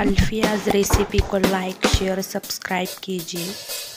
Alfiaz recipe को like share subscribe कीजिए